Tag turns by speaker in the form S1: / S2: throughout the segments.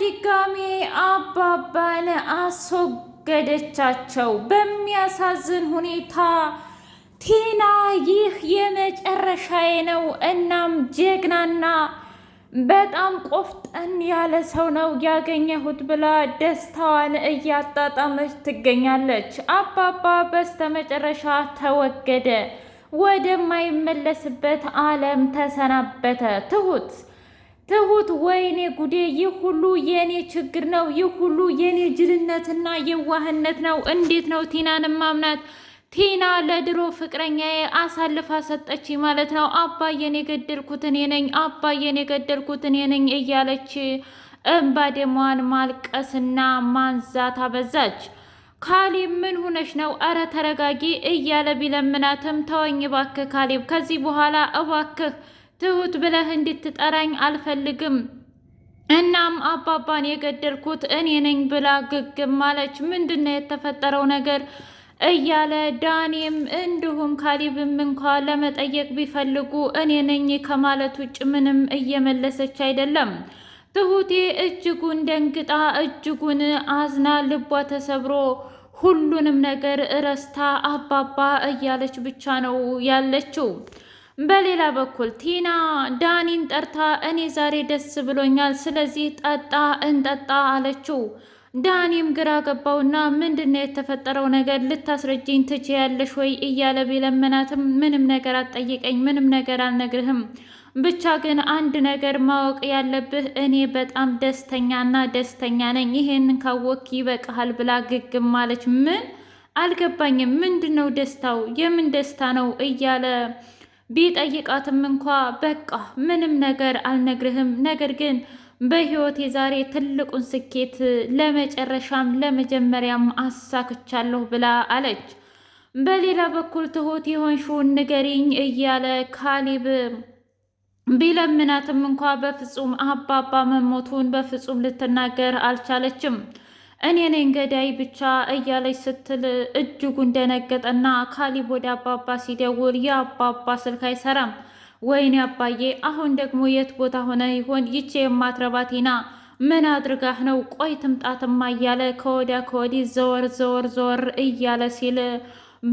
S1: በድጋሜ አባባን አስወገደቻቸው። በሚያሳዝን ሁኔታ ቲና ይህ የመጨረሻዬ ነው። እናም ጀግናና በጣም ቆፍጠን ያለ ሰው ነው ያገኘሁት ብላ ደስታዋን እያጣጣመች ትገኛለች። አባባ በስተመጨረሻ ተወገደ፣ ወደማይመለስበት ዓለም ተሰናበተ። ትሁት ትሁት ወይኔ ጉዴ! ይህ ሁሉ የኔ ችግር ነው። ይህ ሁሉ የኔ ጅልነትና የዋህነት ነው። እንዴት ነው ቲናንም ማምናት? ቲና ለድሮ ፍቅረኛዬ አሳልፋ ሰጠች ማለት ነው። አባዬን የገደልኩት እኔ ነኝ፣ አባዬን የገደልኩት እኔ ነኝ እያለች እምባ ደሟን ማልቀስና ማንዛት አበዛች። ካሌብ ምን ሆነሽ ነው? አረ ተረጋጊ እያለ ቢለምናትም ተወኝ እባክህ ካሌብ፣ ከዚህ በኋላ እባክህ ትሁት ብለህ እንድትጠራኝ አልፈልግም። እናም አባባን የገደልኩት እኔ ነኝ ብላ ግግም አለች። ምንድን ነው የተፈጠረው ነገር እያለ ዳኔም እንዲሁም ካሊብም እንኳ ለመጠየቅ ቢፈልጉ እኔ ነኝ ከማለት ውጭ ምንም እየመለሰች አይደለም። ትሁቴ እጅጉን ደንግጣ እጅጉን አዝና ልቧ ተሰብሮ ሁሉንም ነገር እረስታ አባባ እያለች ብቻ ነው ያለችው። በሌላ በኩል ቲና ዳኒን ጠርታ እኔ ዛሬ ደስ ብሎኛል፣ ስለዚህ ጠጣ እንጠጣ አለችው። ዳኒም ግራ ገባውና ምንድነው የተፈጠረው ነገር ልታስረጅኝ ትችያለሽ ወይ እያለ ቢለመናትም ምንም ነገር አትጠይቀኝ፣ ምንም ነገር አልነግርህም። ብቻ ግን አንድ ነገር ማወቅ ያለብህ እኔ በጣም ደስተኛና ደስተኛ ነኝ፣ ይሄንን ካወክ ይበቃሃል ብላ ግግም ማለች። ምን አልገባኝም፣ ምንድን ነው ደስታው? የምን ደስታ ነው እያለ ቢጠይቃትም እንኳ በቃ ምንም ነገር አልነግርህም፣ ነገር ግን በህይወቴ ዛሬ ትልቁን ስኬት ለመጨረሻም ለመጀመሪያም አሳክቻለሁ ብላ አለች። በሌላ በኩል ትሁት የሆንሽውን ንገሪኝ እያለ ካሊብ ቢለምናትም እንኳ በፍጹም አባባ መሞቱን በፍጹም ልትናገር አልቻለችም። እኔ ነኝ ገዳይ ብቻ እያለች ስትል እጅጉን ደነገጠና ካሊብ ወደ አባባ ሲደውል የአባባ ስልክ አይሰራም። ወይኔ አባዬ፣ አሁን ደግሞ የት ቦታ ሆነ ይሆን? ይቼ የማትረባቴና ምን አድርጋህ ነው? ቆይ ትምጣትማ እያለ ከወዲያ ከወዲህ ዘወር ዘወር ዘወር እያለ ሲል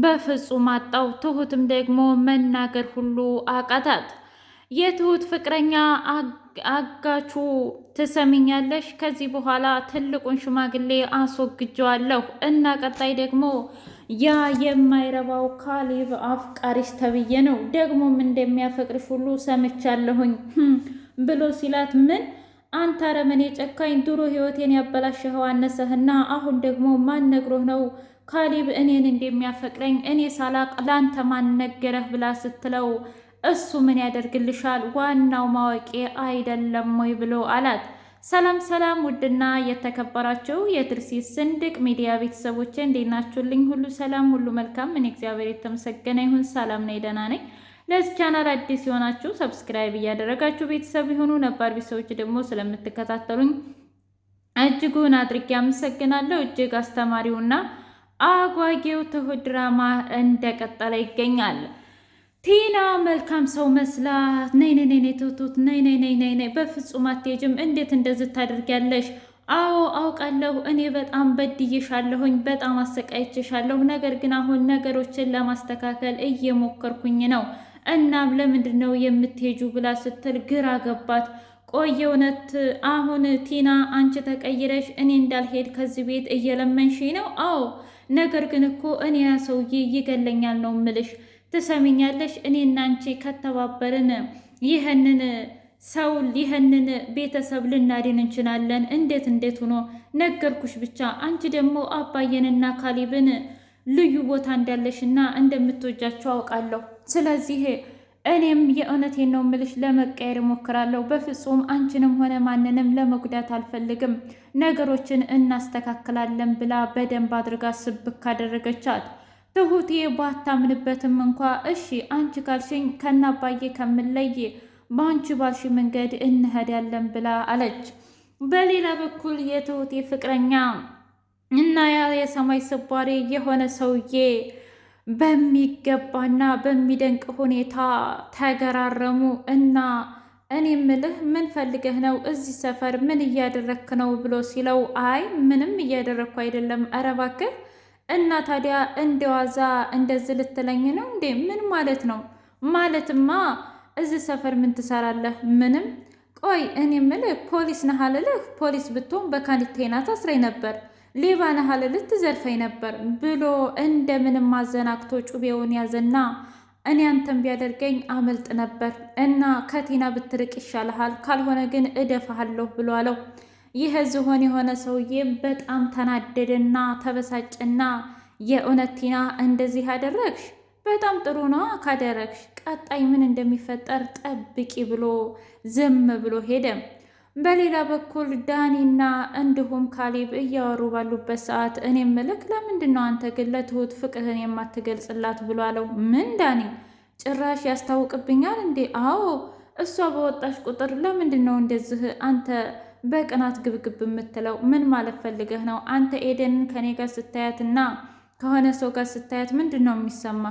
S1: በፍጹም አጣው። ትሁትም ደግሞ መናገር ሁሉ አቃታት። የትሁት ፍቅረኛ አጋቹ ትሰሚኛለሽ? ከዚህ በኋላ ትልቁን ሽማግሌ አስወግጀዋለሁ እና ቀጣይ ደግሞ ያ የማይረባው ካሌብ አፍቃሪሽ ተብዬ ነው ደግሞም እንደሚያፈቅርሽ ሁሉ ሰምቻለሁኝ hm ብሎ ሲላት ምን አንተ አረመኔ ጨካኝ፣ ድሮ ህይወቴን ያበላሸኸው አነሰህና አሁን ደግሞ ማን ነግሮህ ነው ካሊብ እኔን እንደሚያፈቅረኝ? እኔ ሳላቅ ለአንተ ማን ነገረህ? ብላ ስትለው እሱ ምን ያደርግልሻል ዋናው ማወቂ አይደለም ወይ ብሎ አላት። ሰላም ሰላም! ውድና የተከበራችሁ የትርሲ ስንድቅ ሚዲያ ቤተሰቦች እንዴት ናችሁልኝ? ሁሉ ሰላም፣ ሁሉ መልካም። ምን እግዚአብሔር የተመሰገነ ይሁን። ሰላም ነኝ፣ ደህና ነኝ። ለዚህ ቻናል አዲስ ሲሆናችሁ ሰብስክራይብ እያደረጋችሁ ቤተሰብ የሆኑ ነባር ቤተሰቦች ደግሞ ስለምትከታተሉኝ እጅጉን አድርጌ አመሰግናለሁ። እጅግ አስተማሪውና አጓጌው ትሁት ድራማ እንደቀጠለ ይገኛል። ቲና መልካም ሰው መስላ ነይ ነይ ነይ ትሁት ነይ ነይ ነይ ነይ ነይ በፍጹም አትሄጂም። እንዴት እንደዚህ ታደርጊያለሽ? አዎ አውቃለሁ፣ እኔ በጣም በድዬሻለሁኝ፣ በጣም አሰቃይቼሻለሁ። ነገር ግን አሁን ነገሮችን ለማስተካከል እየሞከርኩኝ ነው። እናም ለምንድን ነው የምትሄጁ ብላ ስትል ግራ ገባት። ቆይ እውነት አሁን ቲና አንቺ ተቀይረሽ እኔ እንዳልሄድ ከዚህ ቤት እየለመንሽ ነው? አዎ ነገር ግን እኮ እኔ ያ ሰውዬ ይገለኛል ነው ምልሽ ትሰሚኛለሽ፣ እኔ አንቺ ከተባበርን ይህንን ሰው ይህንን ቤተሰብ ልናድን እንችላለን። እንዴት እንዴት ሆኖ ነገርኩሽ። ብቻ አንቺ ደግሞ አባየንና ካሊብን ልዩ ቦታ እንዳለሽና እንደምትወጃቸው አውቃለሁ። ስለዚህ እኔም የእውነቴን ነው ምልሽ ለመቀየር ሞክራለሁ በፍጹም አንቺንም ሆነ ማንንም ለመጉዳት አልፈልግም። ነገሮችን እናስተካክላለን ብላ በደንብ አድርጋ ስብክ ካደረገቻት ትሁቴ ባታምንበትም እንኳ እሺ አንቺ ካልሽኝ ከናባዬ ከምለይ በአንቺ ባልሽ መንገድ እንሄዳለን ብላ አለች። በሌላ በኩል የትሁቴ ፍቅረኛ እና ያ የሰማይ ስባሪ የሆነ ሰውዬ በሚገባና በሚደንቅ ሁኔታ ተገራረሙ እና እኔ ምልህ ምን ፈልገህ ነው እዚህ ሰፈር ምን እያደረክ ነው ብሎ ሲለው አይ ምንም እያደረግኩ አይደለም እረ እባክህ እና ታዲያ እንደዋዛ እንደዚህ ልትለኝ ነው እንዴ? ምን ማለት ነው? ማለትማ እዚህ ሰፈር ምን ትሰራለህ? ምንም። ቆይ እኔ የምልህ ፖሊስ ነህ አልልህ? ፖሊስ ብትሆን በካሊቴና ታስረኝ ነበር። ሌባ ነህ አልልህ? ትዘርፈኝ ነበር ብሎ እንደምንም አዘናግቶ ጩቤውን ያዘና እኔ አንተን ቢያደርገኝ አመልጥ ነበር እና ከቴና ብትርቅ ይሻልሃል፣ ካልሆነ ግን እደፋሃለሁ ብሎ አለው። ይህ ዝሆን የሆነ ሰውዬ በጣም ተናደደና ተበሳጨና የእውነት ቲና እንደዚህ አደረግሽ? በጣም ጥሩ ነው ካደረግሽ፣ ቀጣይ ምን እንደሚፈጠር ጠብቂ ብሎ ዝም ብሎ ሄደ። በሌላ በኩል ዳኒና እንዲሁም ካሌብ እያወሩ ባሉበት ሰዓት እኔ ምልክ ለምንድን ነው አንተ ግን ለትሁት ፍቅርህን የማትገልጽላት ብሎ አለው። ምን ዳኒ ጭራሽ ያስታውቅብኛል እንዴ? አዎ እሷ በወጣሽ ቁጥር ለምንድን ነው እንደዚህ አንተ በቅናት ግብግብ የምትለው ምን ማለት ፈልገህ ነው? አንተ ኤደንን ከኔ ጋር ስታያትና ከሆነ ሰው ጋር ስታያት ምንድን ነው የሚሰማ?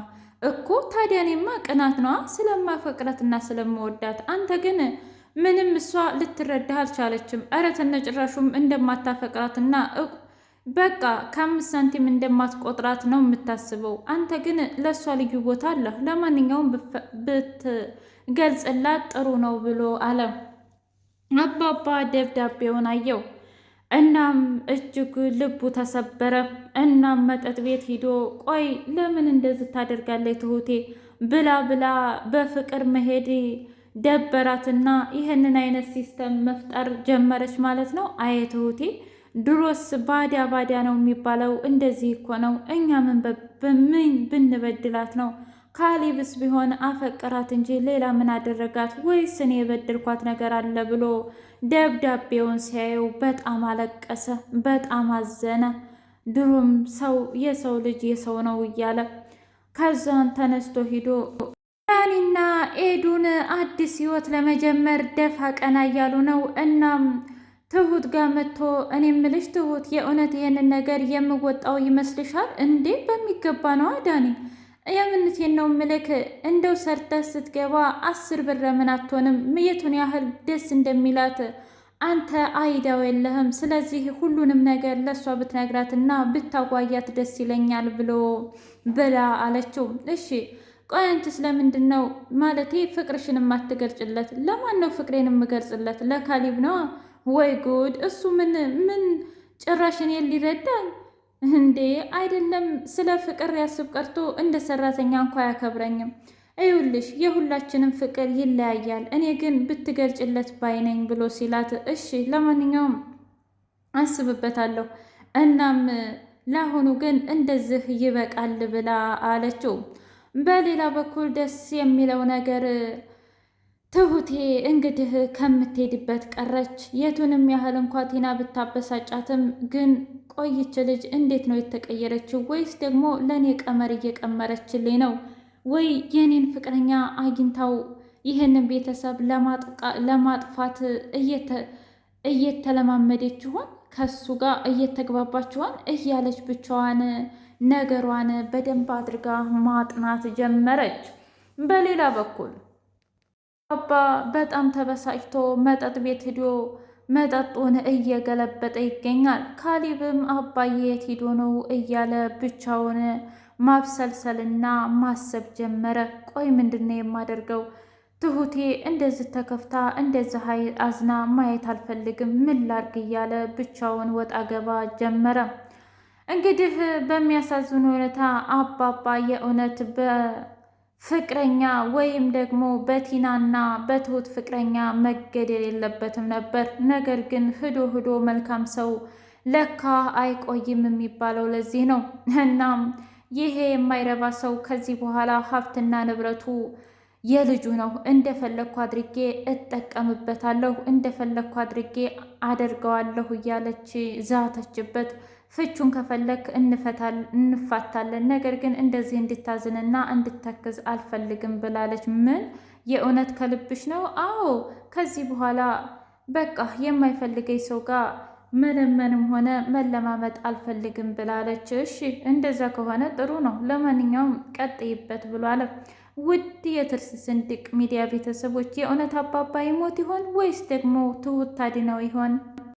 S1: እኮ ታዲያ እኔማ ቅናት ነዋ፣ ስለማፈቅራትና ስለምወዳት። አንተ ግን ምንም እሷ ልትረዳህ አልቻለችም። እረ ተነጭራሹም እንደማታፈቅራትና በቃ ከአምስት ሳንቲም እንደማትቆጥራት ነው የምታስበው። አንተ ግን ለእሷ ልዩ ቦታ አለህ። ለማንኛውም ብትገልጽላት ጥሩ ነው ብሎ አለም አባባ ደብዳቤውን አየው። እናም እጅግ ልቡ ተሰበረ። እናም መጠጥ ቤት ሂዶ ቆይ ለምን እንደዚህ ታደርጋለች ትሁቴ ብላ ብላ በፍቅር መሄድ ደበራትና ይህንን አይነት ሲስተም መፍጠር ጀመረች ማለት ነው። አየ ትሁቴ ድሮስ ባዳ ባዳ ነው የሚባለው እንደዚህ እኮ ነው። እኛ ምን ብንበድላት ነው ካሊብስ ቢሆን አፈቀራት እንጂ ሌላ ምን አደረጋት? ወይስ እኔ የበደልኳት ነገር አለ ብሎ ደብዳቤውን ሲያየው በጣም አለቀሰ፣ በጣም አዘነ። ድሩም ሰው የሰው ልጅ የሰው ነው እያለ ከዛን ተነስቶ ሂዶ ዳኒና ኤዱን አዲስ ህይወት ለመጀመር ደፋ ቀና እያሉ ነው። እናም ትሁት ጋር መጥቶ እኔ ምልሽ ትሁት፣ የእውነት ይህንን ነገር የምወጣው ይመስልሻል እንዴ? በሚገባ ነዋ ዳኒ የምንቴን ነው ምልክ እንደው ሰርተህ ስትገባ አስር ብር ምን አትሆንም። ምየቱን ያህል ደስ እንደሚላት አንተ አይዳው የለህም። ስለዚህ ሁሉንም ነገር ለእሷ ብትነግራትና ብታጓያት ደስ ይለኛል ብሎ ብላ አለችው። እሺ ቆይ አንቺስ ለምንድን ነው ማለቴ ፍቅርሽን የማትገልጭለት? ለማን ነው ፍቅሬን የምገልጽለት? ለካሊብ ነዋ። ወይ ጉድ! እሱ ምን ምን ጭራሽ እኔን ሊረዳል እንዴ አይደለም ስለ ፍቅር ያስብ ቀርቶ እንደ ሰራተኛ እንኳ አያከብረኝም። እዩልሽ የሁላችንም ፍቅር ይለያያል፣ እኔ ግን ብትገልጭለት ባይነኝ ብሎ ሲላት፣ እሺ ለማንኛውም አስብበታለሁ፣ እናም ለአሁኑ ግን እንደዚህ ይበቃል ብላ አለችው። በሌላ በኩል ደስ የሚለው ነገር ትሁቴ እንግዲህ ከምትሄድበት ቀረች። የቱንም ያህል እንኳ ቲና ብታበሳጫትም ግን ቆይች ልጅ እንዴት ነው የተቀየረችው? ወይስ ደግሞ ለእኔ ቀመር እየቀመረችልኝ ነው ወይ የኔን ፍቅረኛ አግኝታው ይህንን ቤተሰብ ለማጥፋት እየተለማመደች ይሆን ከሱ ጋር እየተግባባችኋን እያለች ብቻዋን ነገሯን በደንብ አድርጋ ማጥናት ጀመረች። በሌላ በኩል አባ በጣም ተበሳጭቶ መጠጥ ቤት ሂዶ መጠጡን እየገለበጠ ይገኛል። ካሊብም አባዬ የት ሂዶ ነው እያለ ብቻውን ማብሰልሰልና ማሰብ ጀመረ። ቆይ ምንድነው የማደርገው? ትሁቴ እንደዚህ ተከፍታ እንደዚህ አዝና ማየት አልፈልግም። ምን ላርግ እያለ ብቻውን ወጣ ገባ ጀመረ። እንግዲህ በሚያሳዝን ሁኔታ አባባ የእውነት በ ፍቅረኛ ወይም ደግሞ በቲናና በትሁት ፍቅረኛ መገደል የለበትም ነበር። ነገር ግን ህዶ ህዶ መልካም ሰው ለካ አይቆይም የሚባለው ለዚህ ነው። እናም ይሄ የማይረባ ሰው ከዚህ በኋላ ሀብትና ንብረቱ የልጁ ነው። እንደፈለግኩ አድርጌ እጠቀምበታለሁ፣ እንደፈለግኩ አድርጌ አደርገዋለሁ እያለች ዛተችበት። ፍቹን ከፈለክ እንፋታለን፣ ነገር ግን እንደዚህ እንድታዝንና እንድተክዝ አልፈልግም ብላለች። ምን የእውነት ከልብሽ ነው? አዎ ከዚህ በኋላ በቃ የማይፈልገኝ ሰው ጋር መለመንም ሆነ መለማመጥ አልፈልግም ብላለች። እሺ እንደዛ ከሆነ ጥሩ ነው፣ ለማንኛውም ቀጥይበት ብሏል። ውድ የትርስ ስንድቅ ሚዲያ ቤተሰቦች የእውነት አባባ ይሞት ይሆን ወይስ ደግሞ ትሁት ታድነው ይሆን?